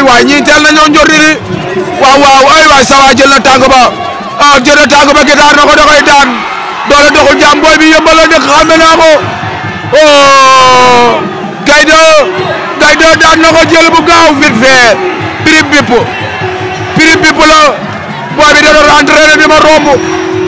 ay waay ñii teel nañoo njorti ni waaw waaw ay waay sa jël na tàng ba ah jël na tàng ba gitaar na ko da daan doole doxul jàmm booy bi yëmbal la dëkk naa ko oh Gaye daan na ko jël bu gaaw vite fait prix bipp prix la booy bi da doon di ma romb.